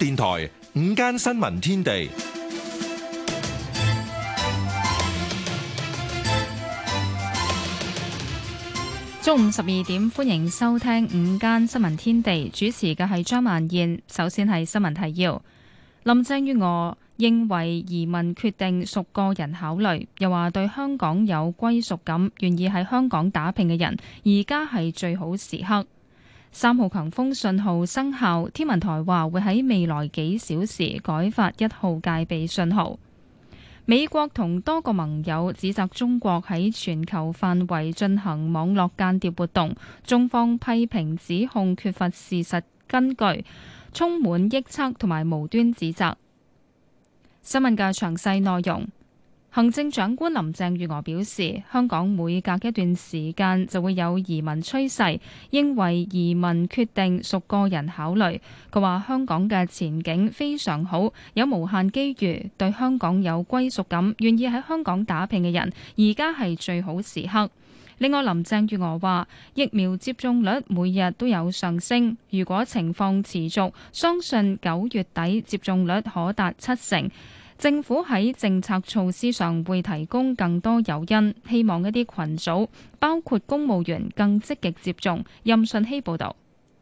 電台午間新聞天地，中午十二點，歡迎收聽午間新聞天地，主持嘅係張曼燕。首先係新聞提要，林鄭月娥認為移民決定屬個人考慮，又話對香港有歸屬感、願意喺香港打拼嘅人，而家係最好時刻。三號強風信號生效，天文台話會喺未來幾小時改發一號戒備信號。美國同多個盟友指責中國喺全球範圍進行網絡間諜活動，中方批評指控缺乏事實根據，充滿臆測同埋無端指責。新聞嘅詳細內容。行政長官林鄭月娥表示，香港每隔一段時間就會有移民趨勢，因為移民決定屬個人考慮。佢話香港嘅前景非常好，有無限機遇，對香港有歸屬感，願意喺香港打拼嘅人，而家係最好時刻。另外，林鄭月娥話疫苗接種率每日都有上升，如果情況持續，相信九月底接種率可達七成。政府喺政策措施上會提供更多誘因，希望一啲群組包括公務員更積極接種。任舜熙報道。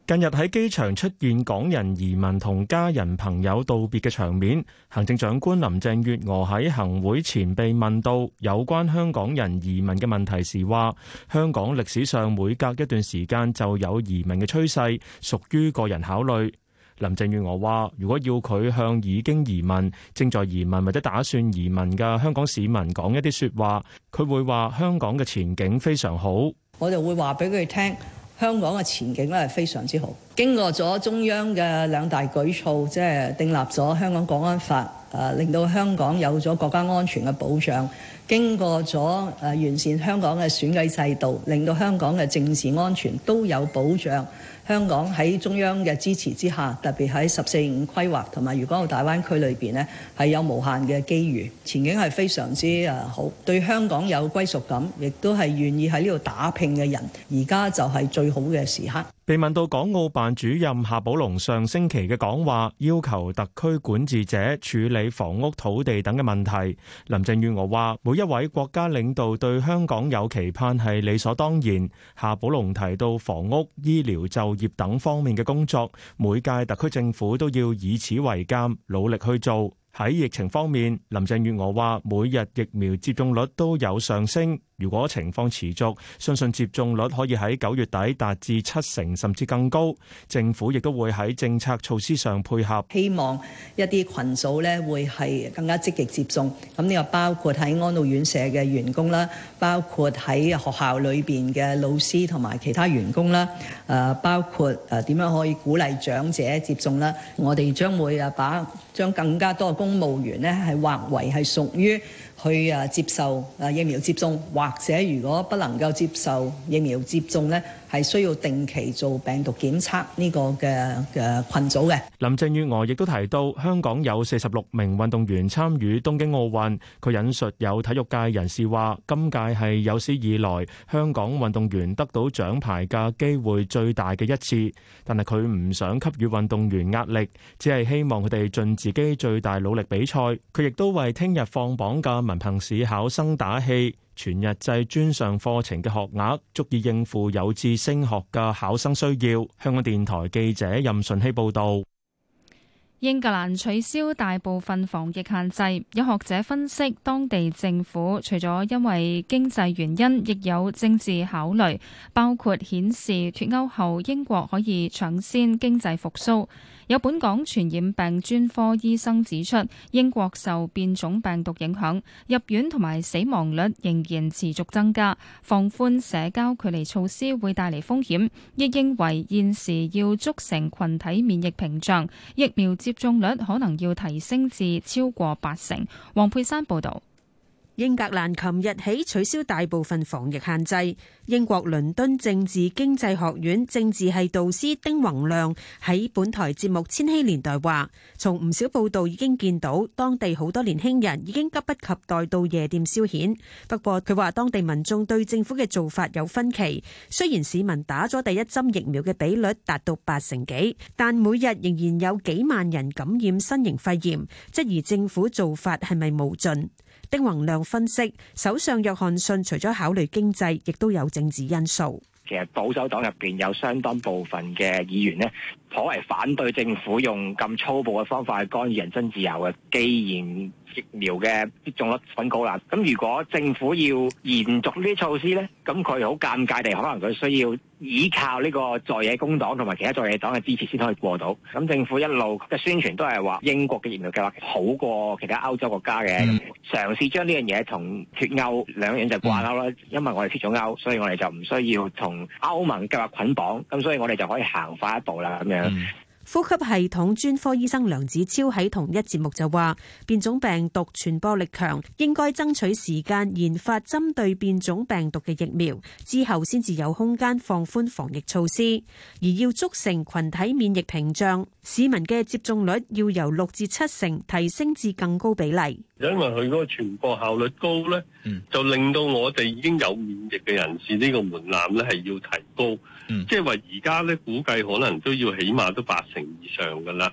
近日喺機場出現港人移民同家人朋友道別嘅場面。行政長官林鄭月娥喺行會前被問到有關香港人移民嘅問題時話，香港歷史上每隔一段時間就有移民嘅趨勢，屬於個人考慮。林鄭月娥話：如果要佢向已經移民、正在移民或者打算移民嘅香港市民講一啲説話，佢會話香港嘅前景非常好。我就會話俾佢聽，香港嘅前景咧係非常之好。經過咗中央嘅兩大舉措，即係訂立咗香港國安法，誒、啊、令到香港有咗國家安全嘅保障，經過咗誒、呃、完善香港嘅選舉制度，令到香港嘅政治安全都有保障。香港喺中央嘅支持之下，特別喺十四五規劃同埋粵港澳大灣區裏邊咧，係有無限嘅機遇，前景係非常之誒、啊、好。對香港有歸屬感，亦都係願意喺呢度打拼嘅人，而家就係最好嘅時刻。被問到港澳辦主任夏寶龍上星期嘅講話，要求特區管治者處理房屋、土地等嘅問題，林鄭月娥話：每一位國家領導對香港有期盼係理所當然。夏寶龍提到房屋、醫療、就業等方面嘅工作，每屆特區政府都要以此為鑑，努力去做。喺疫情方面，林鄭月娥話：每日疫苗接種率都有上升。如果情況持續，相信接種率可以喺九月底達至七成甚至更高。政府亦都會喺政策措施上配合。希望一啲群組咧，會係更加積極接種。咁呢個包括喺安老院舍嘅員工啦，包括喺學校裏邊嘅老師同埋其他員工啦。誒，包括誒點樣可以鼓勵長者接種啦。我哋將會誒把將更加多公務員咧係劃為係屬於。去啊接受啊疫苗接種，或者如果不能夠接受疫苗接種咧，係需要定期做病毒檢測，呢個嘅嘅羣組嘅。林鄭月娥亦都提到，香港有四十六名運動員參與東京奧運。佢引述有體育界人士話，今屆係有史以來香港運動員得到獎牌嘅機會最大嘅一次。但係佢唔想給予運動員壓力，只係希望佢哋盡自己最大努力比賽。佢亦都為聽日放榜嘅文憑試考生打氣。全日制專上課程嘅學額足以應付有志升學嘅考生需要。香港電台記者任順希報道。英格蘭取消大部分防疫限制。有學者分析，當地政府除咗因為經濟原因，亦有政治考慮，包括顯示脫歐後英國可以搶先經濟復甦。有本港傳染病專科醫生指出，英國受變種病毒影響，入院同埋死亡率仍然持續增加，放寬社交距離措施會帶嚟風險，亦認為現時要築成群體免疫屏障，疫苗。接種率可能要提升至超過八成。黃佩珊報導。英格蘭琴日起取消大部分防疫限制。英國倫敦政治經濟學院政治系導師丁宏亮喺本台節目《千禧年代》話，從唔少報道已經見到當地好多年輕人已經急不及待到夜店消遣。不過佢話，當地民眾對政府嘅做法有分歧。雖然市民打咗第一針疫苗嘅比率達到八成幾，但每日仍然有幾萬人感染新型肺炎，質疑政府做法係咪無盡。丁宏亮分析，首相約翰遜除咗考慮經濟，亦都有政治因素。其實保守黨入邊有相當部分嘅議員呢，頗為反對政府用咁粗暴嘅方法去干預人身自由嘅。既然疫苗嘅接種率很高啦，咁如果政府要延續呢啲措施咧，咁佢好尷尬地，可能佢需要。依靠呢個在野工黨同埋其他在野黨嘅支持先可以過到。咁政府一路嘅宣傳都係話英國嘅疫苗計劃好過其他歐洲國家嘅，嗯、嘗試將呢樣嘢同脱歐兩樣就掛鈎啦。嗯、因為我哋脱咗歐，所以我哋就唔需要同歐盟計劃捆綁，咁所以我哋就可以行快一步啦。咁樣。嗯呼吸系統專科醫生梁子超喺同一節目就話：變種病毒傳播力強，應該爭取時間研發針對變種病毒嘅疫苗，之後先至有空間放寬防疫措施。而要促成羣體免疫屏障，市民嘅接種率要由六至七成提升至更高比例。因為佢嗰個傳播效率高咧，就令到我哋已經有免疫嘅人士呢個門檻咧係要提高。即係話而家呢，嗯、估計可能都要起碼都八成以上噶啦。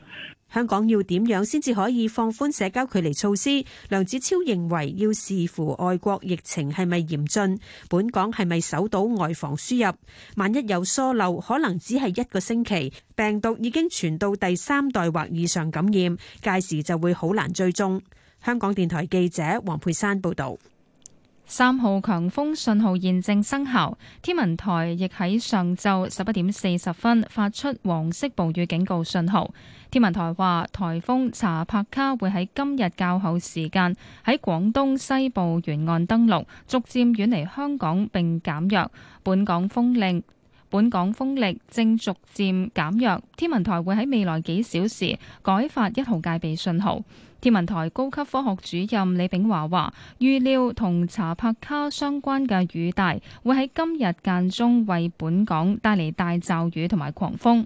香港要點樣先至可以放寬社交距離措施？梁子超認為要視乎外國疫情係咪嚴峻，本港係咪守到外防輸入。萬一有疏漏，可能只係一個星期，病毒已經傳到第三代或以上感染，屆時就會好難追蹤。香港電台記者黃佩珊報道。三號強風信號現正生效，天文台亦喺上晝十一點四十分發出黃色暴雨警告信號。天文台話，颱風查帕卡會喺今日較後時間喺廣東西部沿岸登陸，逐漸遠離香港並減弱。本港風力本港風力正逐漸減弱，天文台會喺未來幾小時改發一號戒備信號。天文台高級科學主任李炳華話，預料同查柏卡相關嘅雨帶會喺今日間中為本港帶嚟大驟雨同埋狂風。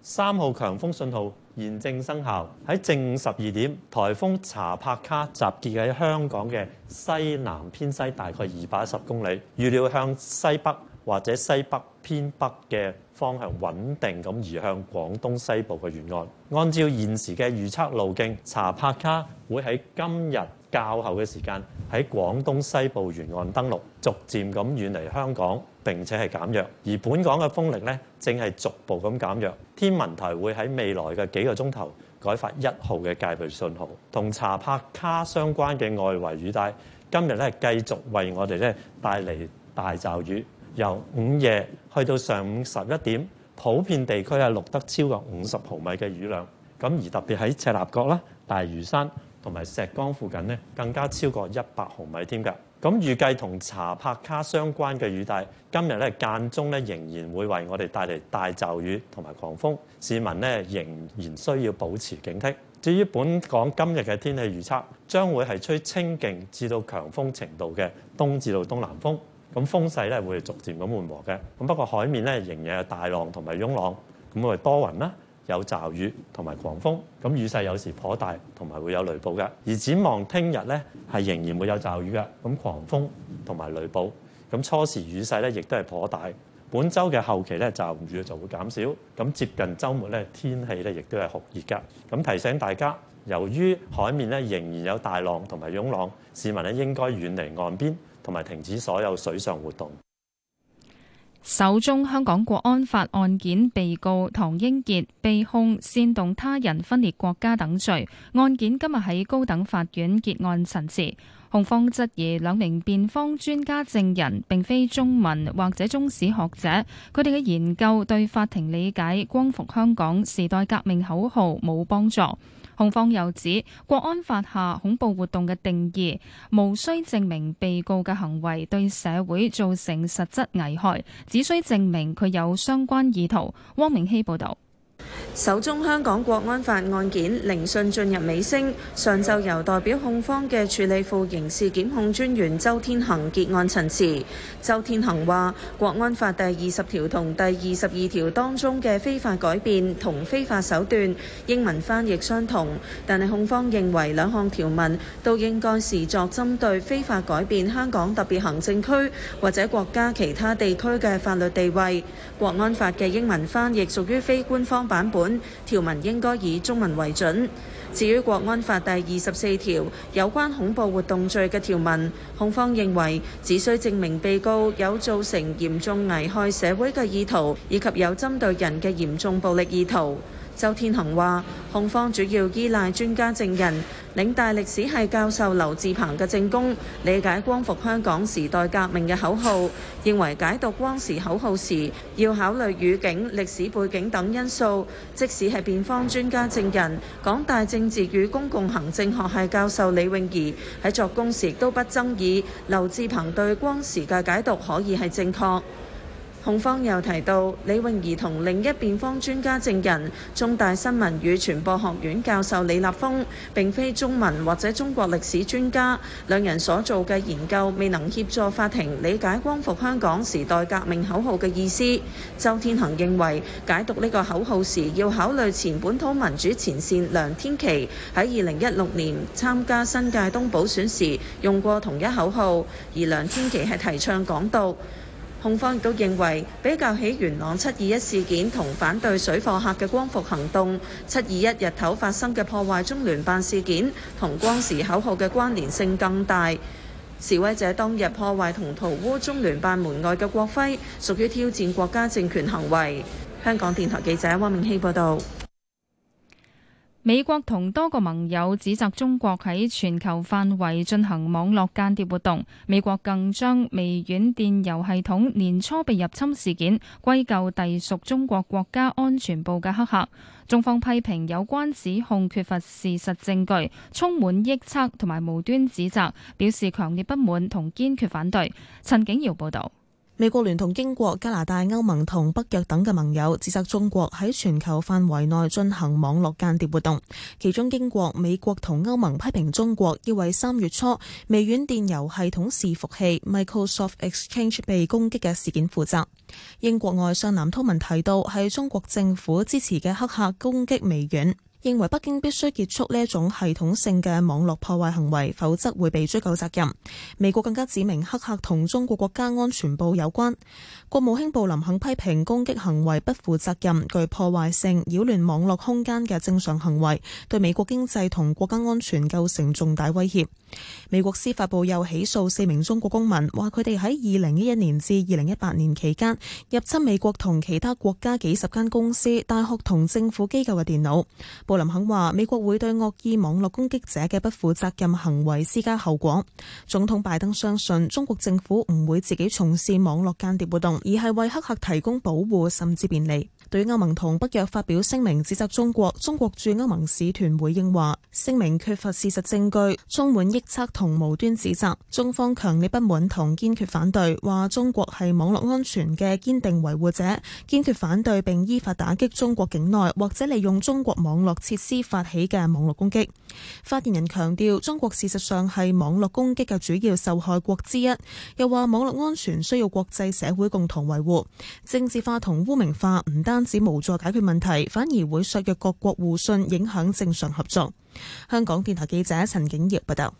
三號強風信號現正生效，喺正午十二點，台風查柏卡集結喺香港嘅西南偏西，大概二百一十公里，預料向西北。或者西北偏北嘅方向穩定咁移向廣東西部嘅沿岸。按照現時嘅預測路徑，查帕卡會喺今日較後嘅時間，喺廣東西部沿岸登陸，逐漸咁遠離香港並且係減弱。而本港嘅風力咧，正係逐步咁減弱。天文台會喺未來嘅幾個鐘頭改發一號嘅戒備信號，同查帕卡相關嘅外圍雨帶今日咧繼續為我哋咧帶嚟大驟雨。由午夜去到上午十一點，普遍地區係錄得超過五十毫米嘅雨量，咁而特別喺赤鱲角啦、大嶼山同埋石崗附近咧，更加超過一百毫米添㗎。咁預計同查帕卡相關嘅雨帶，今日咧間中咧仍然會為我哋帶嚟大驟雨同埋狂風。市民咧仍然需要保持警惕。至於本港今日嘅天氣預測，將會係吹清勁至到強風程度嘅東至到東南風。咁風勢咧會逐漸咁緩和嘅。咁不過海面咧仍然有大浪同埋湧浪，咁係多雲啦，有驟雨同埋狂風。咁雨勢有時頗大，同埋會有雷暴嘅。而展望聽日咧，係仍然會有驟雨嘅。咁狂風同埋雷暴。咁初時雨勢咧亦都係頗大。本周嘅後期咧驟雨就會減少。咁接近周末咧天氣咧亦都係酷熱嘅。咁提醒大家，由於海面咧仍然有大浪同埋湧浪，市民咧應該遠離岸邊。同埋停止所有水上活動。首宗香港國安法案件被告唐英傑被控煽動他人分裂國家等罪，案件今日喺高等法院結案陳詞。控方質疑兩名辯方專家證人並非中文或者中史學者，佢哋嘅研究對法庭理解光復香港時代革命口號冇幫助。控方又指，國安法下恐怖活動嘅定義，無需證明被告嘅行為對社會造成實質危害，只需證明佢有相關意圖。汪明熙報導。首宗香港國安法案件聆訊進入尾聲，上晝由代表控方嘅處理副刑事檢控專員周天行結案陳詞。周天行話：國安法第二十條同第二十二條當中嘅非法改變同非法手段英文翻譯相同，但係控方認為兩項條文都應該視作針對非法改變香港特別行政區或者國家其他地區嘅法律地位。國安法嘅英文翻譯屬於非官方版。版本條文應該以中文為準。至於《國安法》第二十四條有關恐怖活動罪嘅條文，控方認為只需證明被告有造成嚴重危害社會嘅意圖，以及有針對人嘅嚴重暴力意圖。周天恒話：控方主要依賴專家證人，嶺大歷史系教授劉智鵬嘅證供，理解光復香港時代革命嘅口號，認為解讀光時口號時要考慮語境、歷史背景等因素。即使係辯方專家證人，港大政治與公共行政學系教授李詠怡喺作供時都不爭議劉智鵬對光時嘅解讀可以係正確。控方又提到，李詠怡同另一辯方專家證人中大新聞與傳播學院教授李立峯並非中文或者中國歷史專家，兩人所做嘅研究未能協助法庭理解光復香港時代革命口號嘅意思。周天行認為解讀呢個口號時要考慮前本土民主前線梁天琦喺二零一六年參加新界東補選時用過同一口號，而梁天琦係提倡港獨。控方亦都認為，比較起元朗七二一事件同反對水貨客嘅光復行動，七二一日頭發生嘅破壞中聯辦事件同光時口號嘅關聯性更大。示威者當日破壞同塗污中聯辦門外嘅國徽，屬於挑戰國家政權行為。香港電台記者汪明希報道。美國同多個盟友指責中國喺全球範圍進行網絡間諜活動。美國更將微軟電郵系統年初被入侵事件歸咎隸屬中國國家安全部嘅黑客。中方批評有關指控缺乏事實證據，充滿臆測同埋無端指責，表示強烈不滿同堅決反對。陳景堯報道。美國聯同英國、加拿大、歐盟同北約等嘅盟友指責中國喺全球範圍內進行網絡間諜活動，其中英國、美國同歐盟批評中國要為三月初微軟電郵系統伺服器 Microsoft Exchange 被攻擊嘅事件負責。英國外相藍韜文提到，係中國政府支持嘅黑客攻擊微軟。認為北京必須結束呢一種系統性嘅網絡破壞行為，否則會被追究責任。美國更加指明黑客同中國國家安全部有關。國務卿布林肯批評攻擊行為不負責任、具破壞性、擾亂網絡空間嘅正常行為，對美國經濟同國家安全構成重大威脅。美國司法部又起訴四名中國公民，話佢哋喺二零一一年至二零一八年期間入侵美國同其他國家幾十間公司、大學同政府機構嘅電腦。布林肯話：美國會對惡意網絡攻擊者嘅不負責任行為施加後果。總統拜登相信中國政府唔會自己從事網絡間諜活動，而係為黑客提供保護，甚至便利。對歐盟同北約發表聲明，指責中國，中國駐歐盟使團回應話：聲明缺乏事實證據，充滿臆測同無端指責。中方強烈不滿同堅決反對，話中國係網絡安全嘅堅定維護者，堅決反對並依法打擊中國境內或者利用中國網絡設施發起嘅網絡攻擊。發言人強調，中國事實上係網絡攻擊嘅主要受害國之一，又話網絡安全需要國際社會共同維護。政治化同污名化唔單使無助解決問題，反而會削弱各國互信，影響正常合作。香港電台記者陳景業報道：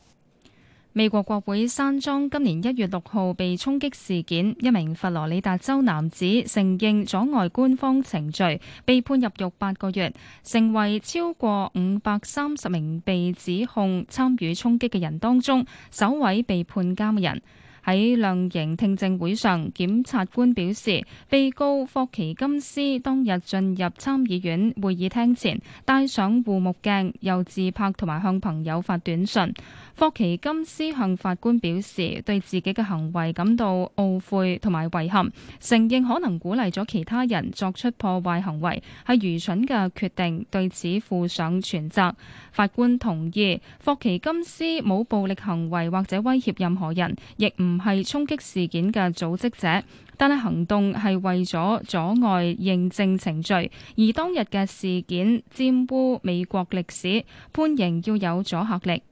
美國國會山莊今年一月六號被衝擊事件，一名佛羅里達州男子承認阻礙官方程序，被判入獄八個月，成為超過五百三十名被指控參與衝擊嘅人當中首位被判監嘅人。喺量刑聽證會上，檢察官表示，被告霍奇金斯當日進入參議院會議廳前戴上護目鏡，又自拍同埋向朋友發短信。霍奇金斯向法官表示，對自己嘅行為感到懊悔同埋遺憾，承認可能鼓勵咗其他人作出破壞行為，係愚蠢嘅決定，對此負上全責。法官同意霍奇金斯冇暴力行為或者威脅任何人，亦唔。唔係衝擊事件嘅組織者，但係行動係為咗阻礙認證程序，而當日嘅事件玷污美國歷史，判刑要有阻嚇力。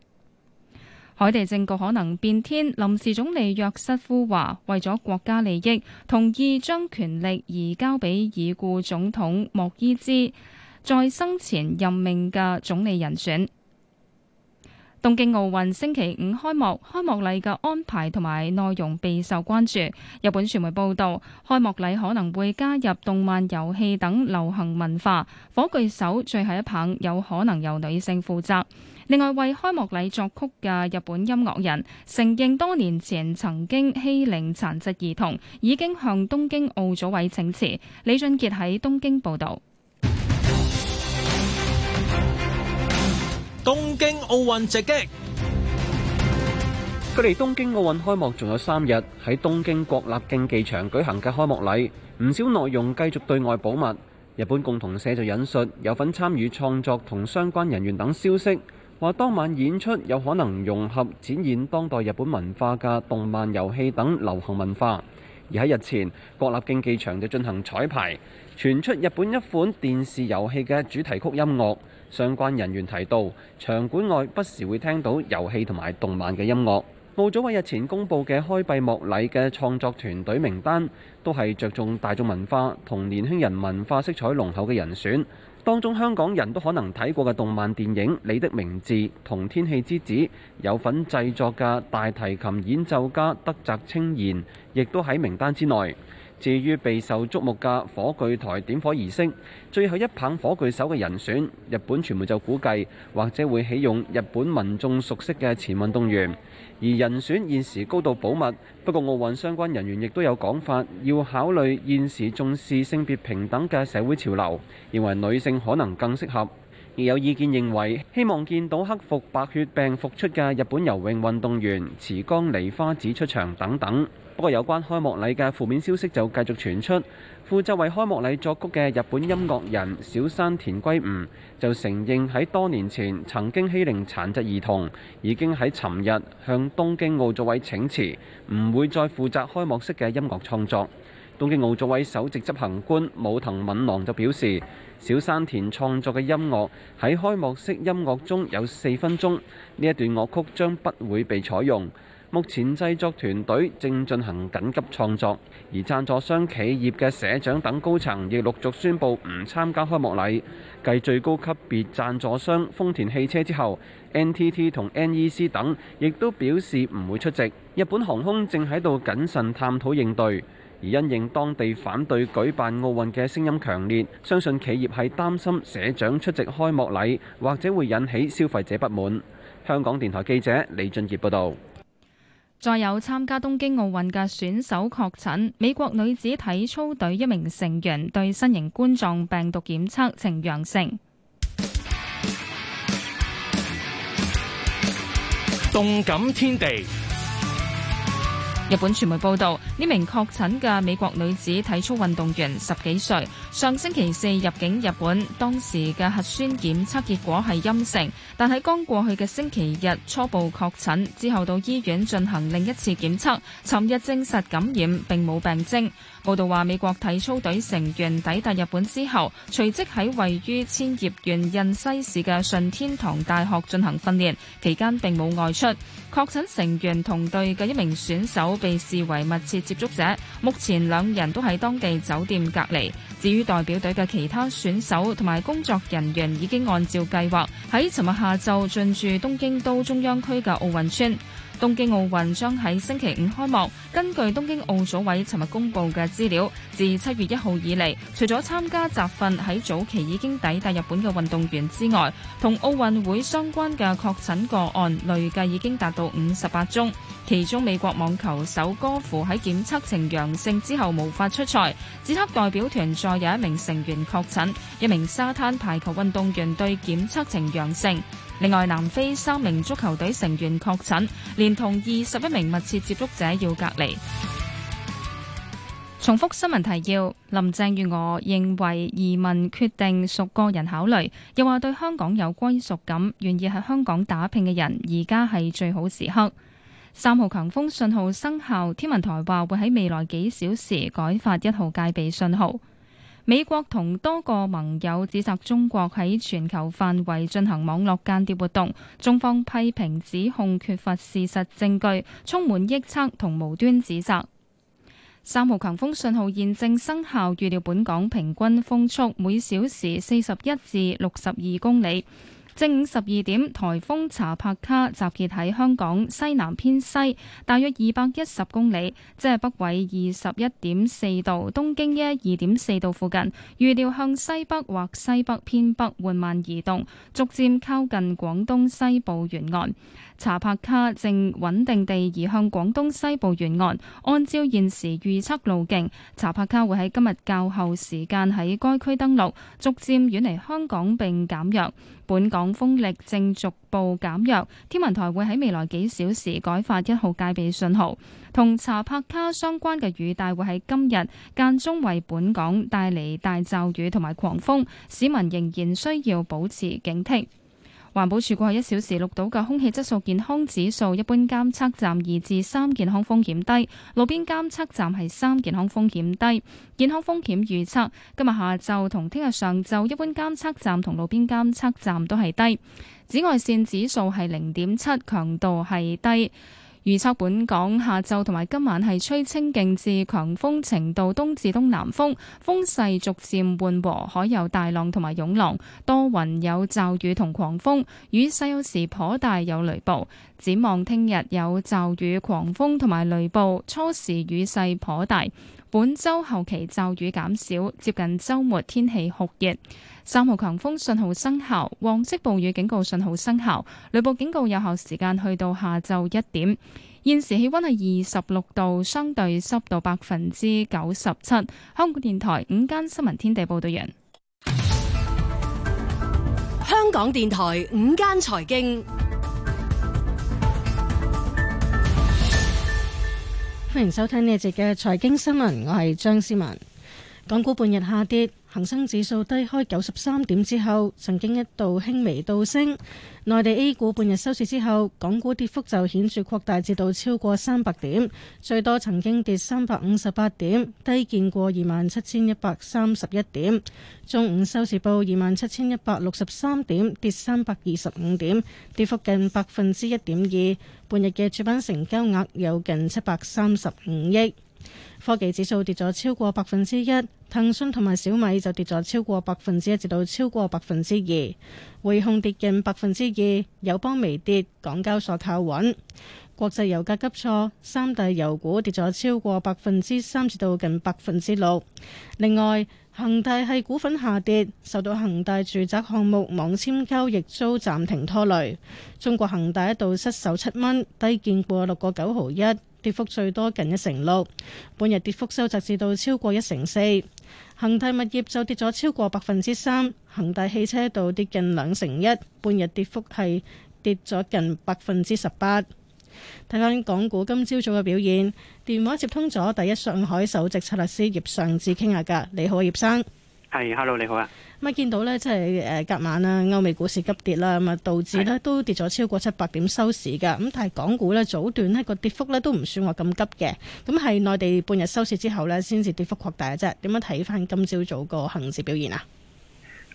海地政局可能變天，臨時總理約瑟夫話，為咗國家利益，同意將權力移交俾已故總統莫伊茲在生前任命嘅總理人選。東京奧運星期五開幕，開幕禮嘅安排同埋內容備受關注。日本傳媒報道，開幕禮可能會加入動漫、遊戲等流行文化。火炬手最後一棒有可能由女性負責。另外，為開幕禮作曲嘅日本音樂人承認多年前曾經欺凌殘疾兒童，已經向東京奧組委請辭。李俊傑喺東京報導。東京奧運直擊，距離東京奧運開幕仲有三日，喺東京國立競技場舉行嘅開幕禮，唔少內容繼續對外保密。日本共同社就引述有份參與創作同相關人員等消息，話當晚演出有可能融合展現當代日本文化嘅動漫、遊戲等流行文化。而喺日前，國立競技場就進行彩排，傳出日本一款電視遊戲嘅主題曲音樂。相關人員提到，場館外不時會聽到遊戲同埋動漫嘅音樂。奧組委日前公佈嘅開閉幕禮嘅創作團隊名單，都係著重大眾文化同年輕人文化色彩濃厚嘅人選。當中香港人都可能睇過嘅動漫電影《你的名字》同《天氣之子》，有份製作嘅大提琴演奏家德澤清賢，亦都喺名單之內。至於備受矚目嘅火炬台點火儀式，最後一棒火炬手嘅人選，日本傳媒就估計或者會起用日本民眾熟悉嘅前運動員，而人選現時高度保密。不過奧運相關人員亦都有講法，要考慮現時重視性別平等嘅社會潮流，認為女性可能更適合。亦有意見認為希望見到克服白血病復出嘅日本游泳運動員池江璃花子出場等等。不過有關開幕禮嘅負面消息就繼續傳出，負責為開幕禮作曲嘅日本音樂人小山田圭吾就承認喺多年前曾經欺凌殘疾兒童，已經喺尋日向東京奧組委請辭，唔會再負責開幕式嘅音樂創作。東京奧組委首席執行官武藤敏郎就表示，小山田創作嘅音樂喺開幕式音樂中有四分鐘，呢一段樂曲將不會被採用。目前製作團隊正進行緊急創作，而贊助商企業嘅社長等高層亦陸續宣布唔參加開幕禮。繼最高級別贊助商豐田汽車之後，NTT 同 NEC 等亦都表示唔會出席。日本航空正喺度謹慎探討應對，而因應當地反對舉辦奧運嘅聲音強烈，相信企業係擔心社長出席開幕禮或者會引起消費者不滿。香港電台記者李俊傑報道。再有參加東京奧運嘅選手確診，美國女子體操隊一名成員對新型冠狀病毒檢測呈陽性。動感天地。日本傳媒報道，呢名確診嘅美國女子體操運動員十幾歲，上星期四入境日本，當時嘅核酸檢測結果係陰性，但喺剛過去嘅星期日初步確診之後，到醫院進行另一次檢測，尋日證實感染，並冇病徵。報道話，美國體操隊成員抵達日本之後，隨即喺位於千葉縣印西市嘅順天堂大學進行訓練，期間並冇外出。確診成員同隊嘅一名選手被視為密切接觸者，目前兩人都喺當地酒店隔離。至於代表隊嘅其他選手同埋工作人員，已經按照計劃喺尋日下晝進駐東京都中央區嘅奧運村。東京奧運將喺星期五開幕。根據東京奧組委會尋日公布嘅資料，自七月一號以嚟，除咗參加集訓喺早期已經抵達日本嘅運動員之外，同奧運會相關嘅確診個案累計已經達到五十八宗。其中，美國網球手高芙喺檢測呈陽性之後無法出賽。捷克代表團再有一名成員確診，一名沙灘排球運動員對檢測呈陽性。另外，南非三名足球隊成員確診，連同二十一名密切接觸者要隔離。重複新聞提要：林鄭月娥認為移民決定屬個人考慮，又話對香港有歸屬感，願意喺香港打拼嘅人，而家係最好時刻。三號強風信號生效，天文台話會喺未來幾小時改發一號戒備信號。美國同多個盟友指責中國喺全球範圍進行網絡間諜活動，中方批評指控缺乏事實證據，充滿臆測同無端指責。三號強風信號現正生效，預料本港平均風速每小時四十一至六十二公里。正午十二點，颱風查帕卡集結喺香港西南偏西，大約二百一十公里，即係北緯二十一點四度、東經一二點四度附近。預料向西北或西北偏北緩慢移動，逐漸靠近廣東西部沿岸。查帕卡正穩定地移向廣東西部沿岸，按照現時預測路徑，查帕卡會喺今日較後時間喺該區登陸，逐漸遠離香港並減弱。本港風力正逐步減弱，天文台會喺未來幾小時改發一號戒備信號。同查帕卡相關嘅雨帶會喺今日間中為本港帶嚟大驟雨同埋狂風，市民仍然需要保持警惕。環保署過去一小時錄到嘅空氣質素健康指數，一般監測站二至三健康風險低，路邊監測站係三健康風險低。健康風險預測今日下晝同聽日上晝，一般監測站同路邊監測站都係低。紫外線指數係零點七，強度係低。預測本港下晝同埋今晚係吹清勁至強風程度東至東南風，風勢逐漸緩和，海有大浪同埋湧浪，多雲有驟雨同狂風，雨勢有時頗大，有雷暴。展望聽日有驟雨、狂風同埋雷暴，初時雨勢頗大。本周後期驟雨減少，接近周末天氣酷熱，三號強風信號生效。黃色暴雨警告信號生效。雷暴警告有效時間去到下晝一點。現時氣溫係二十六度，相對濕度百分之九十七。香港電台午間新聞天地報道完。香港電台午間財經。歡迎收聽呢一節嘅財經新聞，我係張思文。港股半日下跌，恒生指數低開九十三點之後，曾經一度輕微倒升。內地 A 股半日收市之後，港股跌幅就顯著擴大，至到超過三百點，最多曾經跌三百五十八點，低見過二萬七千一百三十一點。中午收市報二萬七千一百六十三點，跌三百二十五點，跌幅近百分之一點二。半日嘅主板成交額有近七百三十五億。科技指數跌咗超過百分之一，騰訊同埋小米就跌咗超過百分之一至到超過百分之二，匯控跌近百分之二，友邦微跌，港交所靠穩。國際油價急挫，三大油股跌咗超過百分之三至到近百分之六。另外，恒大系股份下跌，受到恒大住宅項目網簽交易遭暫停拖累。中國恒大一度失守七蚊，低見過六個九毫一。跌幅最多近一成六，半日跌幅收窄至到超過一成四。恒泰物業就跌咗超過百分之三，恒大汽車度跌近兩成一，半日跌幅係跌咗近百分之十八。睇翻港股今朝早嘅表現，電話接通咗第一上海首席策略師葉尚志傾下偈，你好葉生。係，hello，你好啊。咁啊，見到咧，即係誒，隔晚啦，歐美股市急跌啦，咁啊，道指咧都跌咗超過七百點收市嘅。咁但係港股咧早段呢個跌幅咧都唔算話咁急嘅。咁係內地半日收市之後咧，先至跌幅擴大嘅啫。點樣睇翻今朝早個恒指表現啊？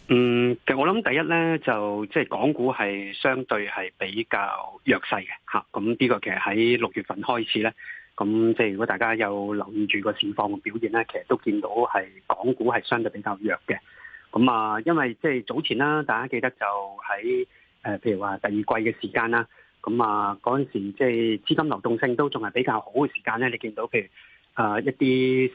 嗯，我諗第一咧就即係港股係相對係比較弱勢嘅吓。咁呢個其實喺六月份開始咧。咁即係如果大家有留意住個市況嘅表現咧，其實都見到係港股係相對比較弱嘅。咁啊，因為即係早前啦，大家記得就喺誒，譬如話第二季嘅時間啦，咁啊嗰陣時即係資金流動性都仲係比較好嘅時間咧，你見到譬如啊一啲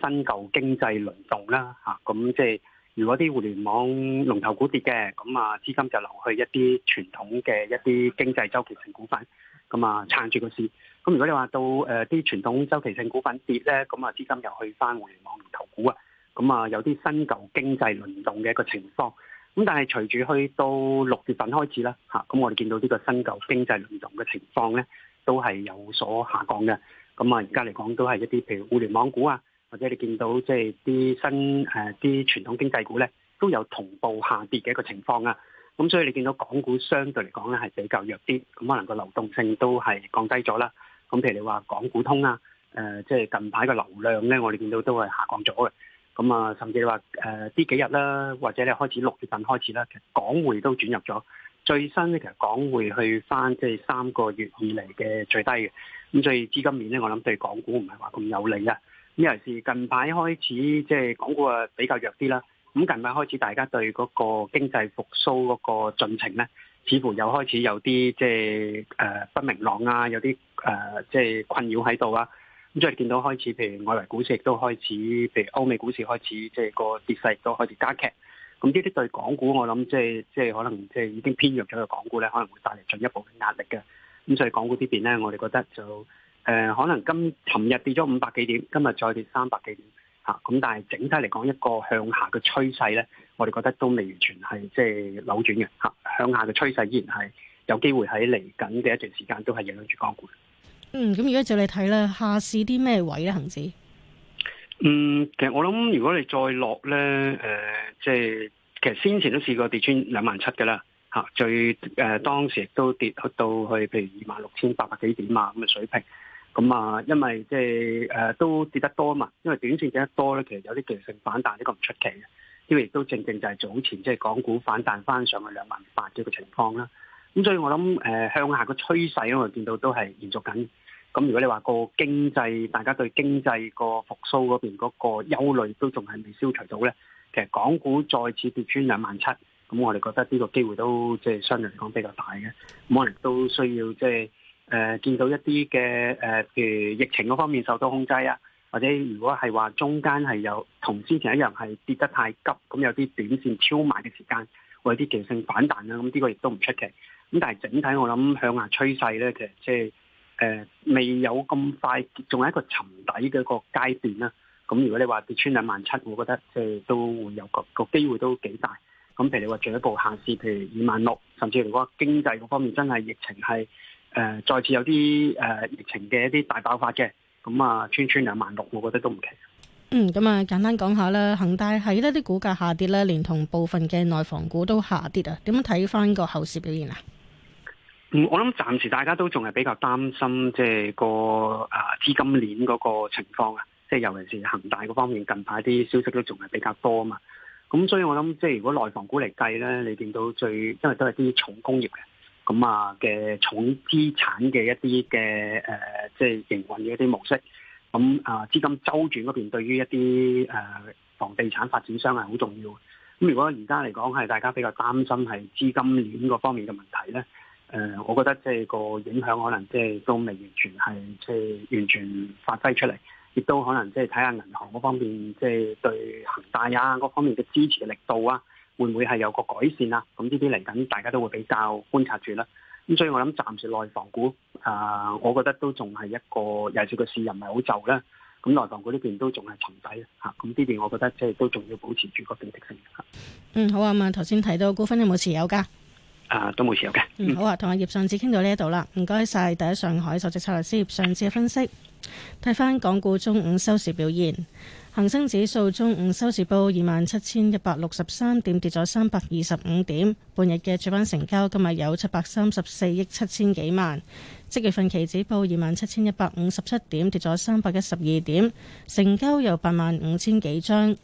新舊經濟輪動啦，嚇咁即係如果啲互聯網龍頭股跌嘅，咁啊資金就流去一啲傳統嘅一啲經濟周期性股份，咁啊撐住個市。咁如果你話到誒啲傳統週期性股份跌咧，咁啊資金又去翻互聯網投股啊，咁啊有啲新舊經濟輪動嘅一個情況。咁但係隨住去到六月份開始啦，嚇，咁我哋見到呢個新舊經濟輪動嘅情況咧，都係有所下降嘅。咁啊而家嚟講都係一啲譬如互聯網股啊，或者你見到即係啲新誒啲傳統經濟股咧，都有同步下跌嘅一個情況啊。咁所以你見到港股相對嚟講咧係比較弱啲，咁可能個流動性都係降低咗啦。咁譬如你話港股通啊，誒，即係近排嘅流量咧，我哋見到都係下降咗嘅。咁啊，甚至你話誒，呢幾日啦，或者你開始六月份開始啦，其實港匯都轉入咗。最新咧，其實港匯去翻即係三個月以嚟嘅最低嘅。咁所以資金面咧，我諗對港股唔係話咁有利啊。呢尤其是近排開始，即係港股啊比較弱啲啦。咁近排開始，大家對嗰個經濟復甦嗰個進程咧，似乎又開始有啲即係誒不明朗啊，有啲。誒、呃，即係困擾喺度啊！咁再見到開始，譬如外圍股市亦都開始，譬如歐美股市開始，即係個跌勢亦都開始加劇。咁呢啲對港股我諗，即係即係可能，即係已經偏弱咗嘅港股咧，可能會帶嚟進一步嘅壓力嘅。咁、嗯、所以港股邊呢邊咧，我哋覺得就誒、呃，可能今尋日跌咗五百幾點，今日再跌三百幾點嚇。咁、嗯、但係整體嚟講，一個向下嘅趨勢咧，我哋覺得都未完全係即係扭轉嘅嚇、嗯，向下嘅趨勢依然係有機會喺嚟緊嘅一段時間都係影響住港股。嗯，咁而家就你睇啦，下試啲咩位咧，恒指？嗯，其實我諗，如果你再落咧，誒、呃，即係其實先前都試過跌穿兩萬七嘅啦，吓最誒、呃、當時亦都跌到去，譬如二萬六千八百幾點啊咁嘅水平。咁、嗯、啊，因為即係誒都跌得多啊嘛，因為短線跌得多咧，其實有啲技術性反彈呢、這個唔出奇嘅，因為亦都正正就係早前即係、就是、港股反彈翻上去兩萬八呢一個情況啦。咁、嗯、所以我諗誒、呃、向下個趨勢咧，我見到都係延續緊。咁如果你話個經濟，大家對經濟個復甦嗰邊嗰個憂慮都仲係未消除到呢？其實港股再次跌穿兩萬七，咁我哋覺得呢個機會都即係、就是、相對嚟講比較大嘅。咁我哋都需要即係誒見到一啲嘅誒譬如疫情嗰方面受到控制啊，或者如果係話中間係有同之前一樣係跌得太急，咁有啲短線超賣嘅時間，或者啲技術性反彈啦，咁呢個亦都唔出奇。咁但係整體我諗向下趨勢呢，其實即、就、係、是。誒，未有咁快，仲係一個沉底嘅一個階段啦。咁如果你話跌穿兩萬七，我覺得即係都會有個個機會都幾大。咁譬如你話進一步下市，譬如二萬六，甚至如果經濟嗰方面真係疫情係誒、呃、再次有啲誒、呃、疫情嘅一啲大爆發嘅，咁啊穿穿兩萬六，村村 00, 我覺得都唔奇。嗯，咁啊簡單講下啦，恒大喺呢啲股價下跌咧，連同部分嘅內房股都下跌啊。點樣睇翻個後市表現啊？我諗暫時大家都仲係比較擔心，即係個啊資金鏈嗰個情況啊，即係尤其是恒大嗰方面近排啲消息都仲係比較多啊嘛。咁所以我諗，即係如果內房股嚟計咧，你見到最，因為都係啲重工業嘅，咁啊嘅重資產嘅一啲嘅誒，即係營運嘅一啲模式，咁啊資金周轉嗰邊對於一啲誒房地產發展商係好重要。咁如果而家嚟講係大家比較擔心係資金鏈嗰方面嘅問題咧。誒，我覺得即係個影響可能即係都未完全係即係完全發揮出嚟，亦都可能即係睇下銀行嗰方面即係對恒大啊各方面嘅支持嘅力度啊，會唔會係有個改善啊？咁呢啲嚟緊大家都會比較觀察住啦。咁所以我諗暫時內房股啊，我覺得都仲係一個有少少市人唔好就啦。咁內房股呢邊都仲係沉底嚇，咁呢邊我覺得即係都仲要保持住個警惕性嚇。嗯，好啊，阿馬頭先提到股份有冇持有㗎？誒、啊，都冇事有嘅。嗯，好啊，同阿葉尚志傾到呢一度啦，唔該晒。第一上海首席策略師葉尚志嘅分析，睇翻港股中午收市表現，恒生指數中午收市報二萬七千一百六十三點，跌咗三百二十五點。半日嘅主板成交今日有七百三十四億七千幾萬。即月份期指報二萬七千一百五十七點，跌咗三百一十二點，成交有八萬五千幾張。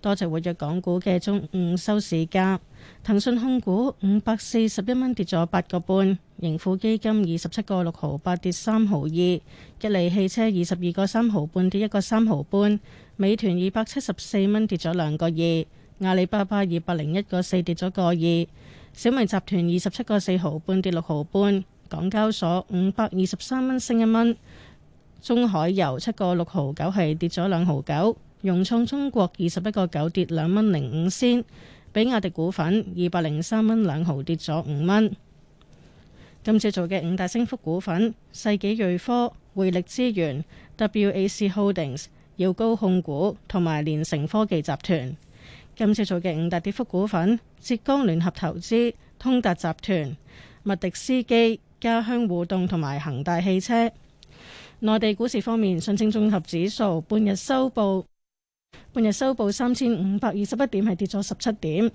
多隻活躍港股嘅中午收市價。騰訊控股五百四十一蚊跌咗八個半，盈富基金二十七個六毫八跌三毫二，吉利汽車二十二個三毫半跌一個三毫半，美團二百七十四蚊跌咗兩個二，阿里巴巴二百零一個四跌咗個二，小米集團二十七個四毫半跌六毫半，港交所五百二十三蚊升一蚊，中海油七個六毫九係跌咗兩毫九，融創中國二十一個九跌兩蚊零五先。比亞迪股份二百零三蚊兩毫跌咗五蚊。今次做嘅五大升幅股份：世紀瑞科、匯力資源、WAC Holdings、耀高控股同埋聯成科技集團。今次做嘅五大跌幅股份：浙江聯合投資、通達集團、麥迪斯基、家鄉互動同埋恒大汽車。內地股市方面，上證綜合指數半日收報。半日收報三千五百二十一點，係跌咗十七點。咳咳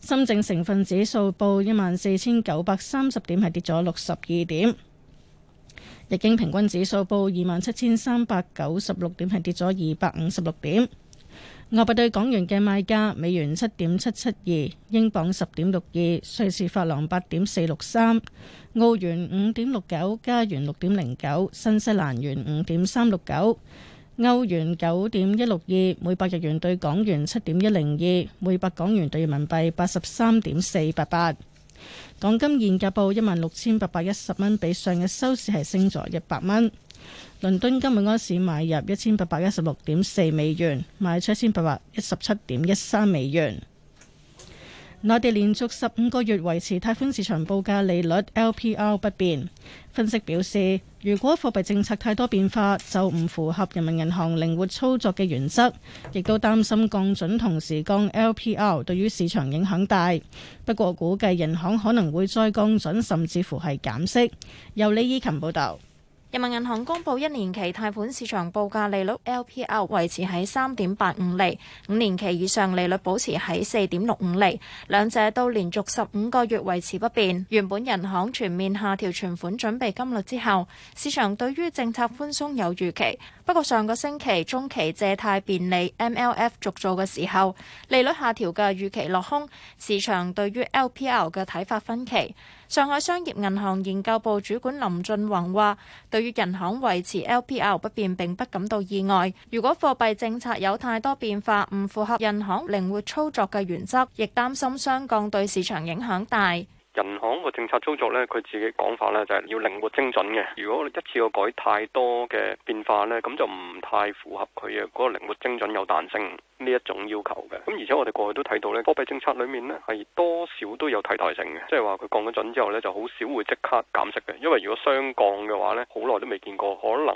深證成分指數報一萬四千九百三十點，係跌咗六十二點。日經平均指數報二萬七千三百九十六點，係跌咗二百五十六點。外幣對港元嘅賣價：美元七點七七二，英鎊十點六二，瑞士法郎八點四六三，澳元五點六九，加元六點零九，新西蘭元五點三六九。歐元九點一六二，每百日元對港元七點一零二，每百港元對人民幣八十三點四八八，港金現價報一萬六千八百一十蚊，比上日收市係升咗一百蚊。倫敦金每安士買入一千八百一十六點四美元，賣出一千八百一十七點一三美元。內地連續十五個月維持貸款市場報價利率 LPR 不變。分析表示，如果貨幣政策太多變化，就唔符合人民銀行靈活操作嘅原則，亦都擔心降準同時降 LPR 對於市場影響大。不過估計銀行可能會再降準，甚至乎係減息。由李依琴報道。人民銀行公布一年期貸款市場報價利率 LPR 維持喺三點八五厘，五年期以上利率保持喺四點六五厘，兩者都連續十五個月維持不變。原本人行全面下調存款準備金率之後，市場對於政策寬鬆有預期。不過上個星期中期借貸便利 MLF 續做嘅時候，利率下調嘅預期落空，市場對於 LPR 嘅睇法分歧。上海商業銀行研究部主管林俊宏話，對於銀行維持 LPR 不變並不感到意外。如果貨幣政策有太多變化，唔符合銀行靈活操作嘅原則，亦擔心雙降對市場影響大。人行個政策操作咧，佢自己講法咧就係要靈活精準嘅。如果一次過改太多嘅變化咧，咁就唔太符合佢嘅嗰個靈活精準有彈性呢一種要求嘅。咁而且我哋過去都睇到咧，貨幣政策裏面咧係多少都有替代性嘅，即係話佢降咗準之後咧，就好少會即刻減息嘅。因為如果雙降嘅話咧，好耐都未見過，可能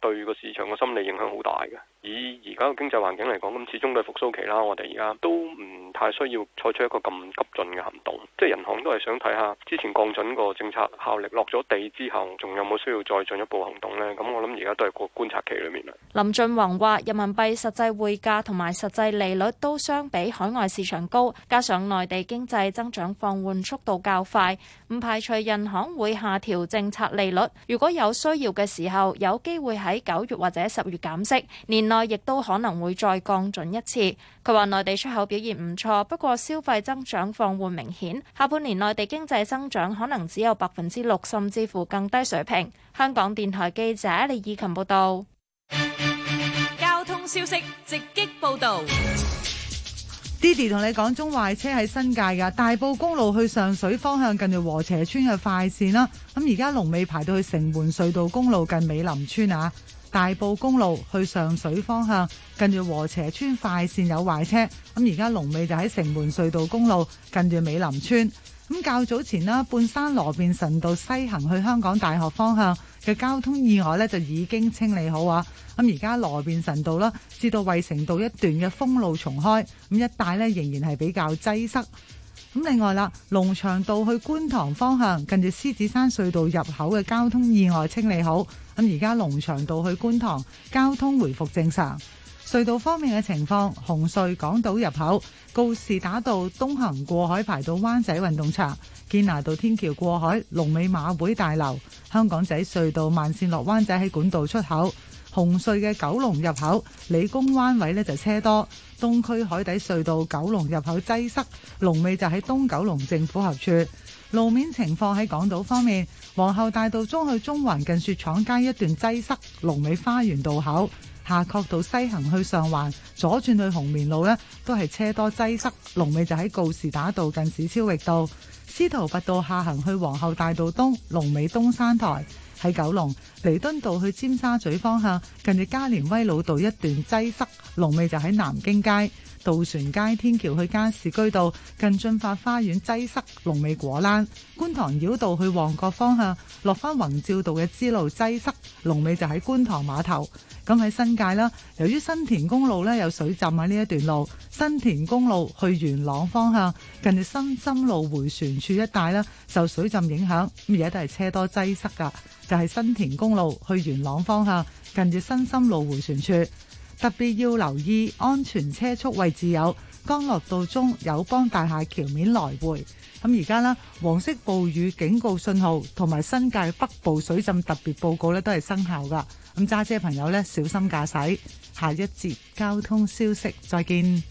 對個市場個心理影響好大嘅。以而家嘅經濟環境嚟講，咁始終都係復蘇期啦。我哋而家都唔太需要採取一個咁急進嘅行動，即係銀行都係想睇下之前降準個政策效力落咗地之後，仲有冇需要再進一步行動咧？咁我諗而家都係個觀察期裏面。林俊宏話人民幣實際匯價同埋實際利率都相比海外市場高，加上內地經濟增長放緩速度較快，唔排除銀行會下調政策利率。如果有需要嘅時候，有機會喺九月或者十月減息，年亦都可能會再降準一次。佢話：內地出口表現唔錯，不過消費增長放緩明顯，下半年內地經濟增長可能只有百分之六，甚至乎更低水平。香港電台記者李以琴報道。交通消息直擊報導。Didi 同你講，中壞車喺新界嘅大埔公路去上水方向，近住禾輋村嘅快線啦。咁而家龍尾排到去城門隧道公路近美林村啊。大埔公路去上水方向，近住禾輋邨快綫有壞車，咁而家龍尾就喺城門隧道公路近住美林村。咁較早前啦，半山羅便臣道西行去香港大學方向嘅交通意外呢，就已經清理好啊，咁而家羅便臣道啦至到衛城道一段嘅封路重開，咁一帶呢，仍然係比較擠塞。咁另外啦，龍翔道去觀塘方向近住獅子山隧道入口嘅交通意外清理好，咁而家龍翔道去觀塘交通回復正常。隧道方面嘅情況，紅隧港島入口、告士打道東行過海排到灣仔運動場、堅拿道天橋過海、龍尾馬會大樓、香港仔隧道慢線落灣仔喺管道出口。紅隧嘅九龍入口、理工灣位呢就車多，東區海底隧道九龍入口擠塞，龍尾就喺東九龍政府合處。路面情況喺港島方面，皇后大道中去中環近雪廠街一段擠塞，龍尾花園道口；下角道西行去上環，左轉去紅棉路呢都係車多擠塞，龍尾就喺告士打道近史超域道。司徒拔道下行去皇后大道東，龍尾東山台。喺九龍彌敦道去尖沙咀方向，近住加連威老道一段擠塞，龍尾就喺南京街。渡船街天橋去加士居道近駿發花園擠塞，龍尾果欄；觀塘繞道去旺角方向，落翻宏照道嘅支路擠塞，龍尾就喺觀塘碼頭。咁喺新界啦，由於新田公路咧有水浸，喺呢一段路，新田公路去元朗方向，近住新深路回旋處一帶啦，受水浸影響，咁而家都係車多擠塞噶。就係、是、新田公路去元朗方向，近住新深路回旋處。特別要留意安全車速，位置有乾諾道中友邦大廈橋面來回。咁而家啦，黃色暴雨警告信號同埋新界北部水浸特別報告咧都係生效噶。咁揸車朋友咧小心駕駛。下一節交通消息再見。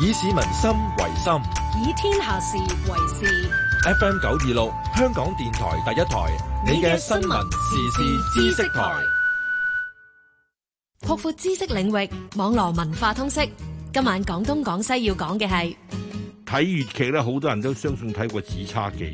以市民心為心，以天下事為事。FM 九二六，香港電台第一台，你嘅新聞時事知識台。擴闊知識領域，網絡文化通識。今晚廣東廣西要講嘅係睇粵劇咧，好多人都相信睇過《紫釵記》。